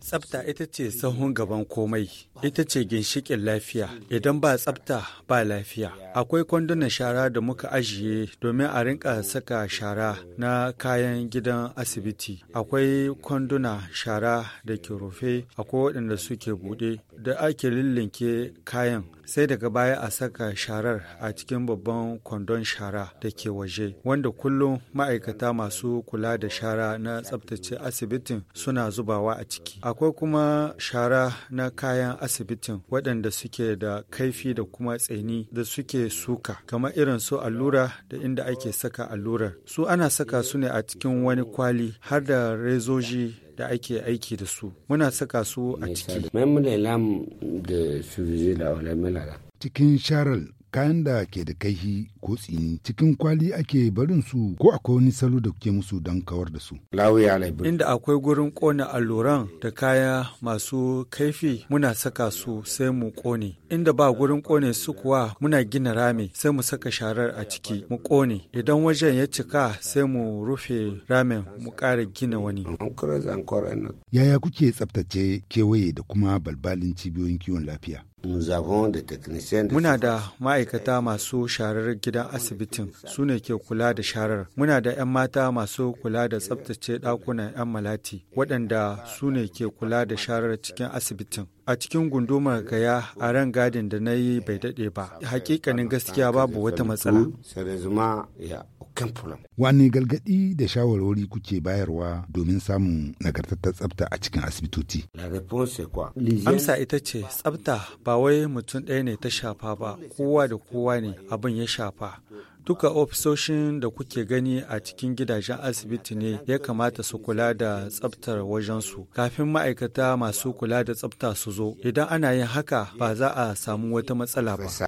Tsafta ita ce sahun gaban komai, ita ce ginshikin lafiya, idan ba tsafta ba lafiya. Akwai kwandunan shara da muka ajiye domin a rinka saka shara na kayan gidan asibiti. Akwai kwanduna shara da ke rufe, akwai waɗanda suke buɗe da ake lillinke kayan sai daga baya a saka sharar a cikin babban kwandon shara da ke waje wanda kullum ma'aikata masu kula da shara na tsabtace asibitin suna zubawa a ciki akwai kuma shara na kayan asibitin waɗanda suke da kaifi da kuma tsaini da suke suka kamar irin su allura da inda ake saka allurar su ana saka su ne a cikin wani kwali har da rezoji da ake aiki da su muna saka su a ciki cikin sharal kayan da ke da kaihi ko tsini cikin kwali ake barin su ko akwai wani salo da kuke musu don kawar da su. Inda akwai gurin kone alluran da kaya masu kaifi muna saka su sai mu kone. Inda ba gurin kone su kuwa muna gina rami sai mu saka sharar a ciki mu kone. Idan wajen ya cika sai mu rufe ramin mu ƙara gina wani. Yaya kuke tsaftace kewaye da kuma balbalin cibiyoyin kiwon lafiya? Muna da ma'aikata masu sharar gidan asibitin su ne ke kula da sharar. Muna da 'yan mata masu kula da tsabtace ɗakunan 'yan malati waɗanda su ne ke kula da sharar cikin asibitin. a cikin gundumar gaya a ran gadin da na yi bai daɗe ba hakikanin gaskiya babu wata matsala wani galgadi da shawarwari kuke bayarwa domin samun nagartattar tsafta a cikin asibitoci amsa ita ce tsafta ba wai mutum ɗaya ne ta shafa ba kowa da kowa ne abin ya shafa Duka ofisoshin da kuke gani a cikin gidajen asibiti ne ya kamata su kula da tsabtar wajensu kafin ma'aikata masu kula da tsabta su zo. Idan ana yin haka ba za a samu wata matsala ba.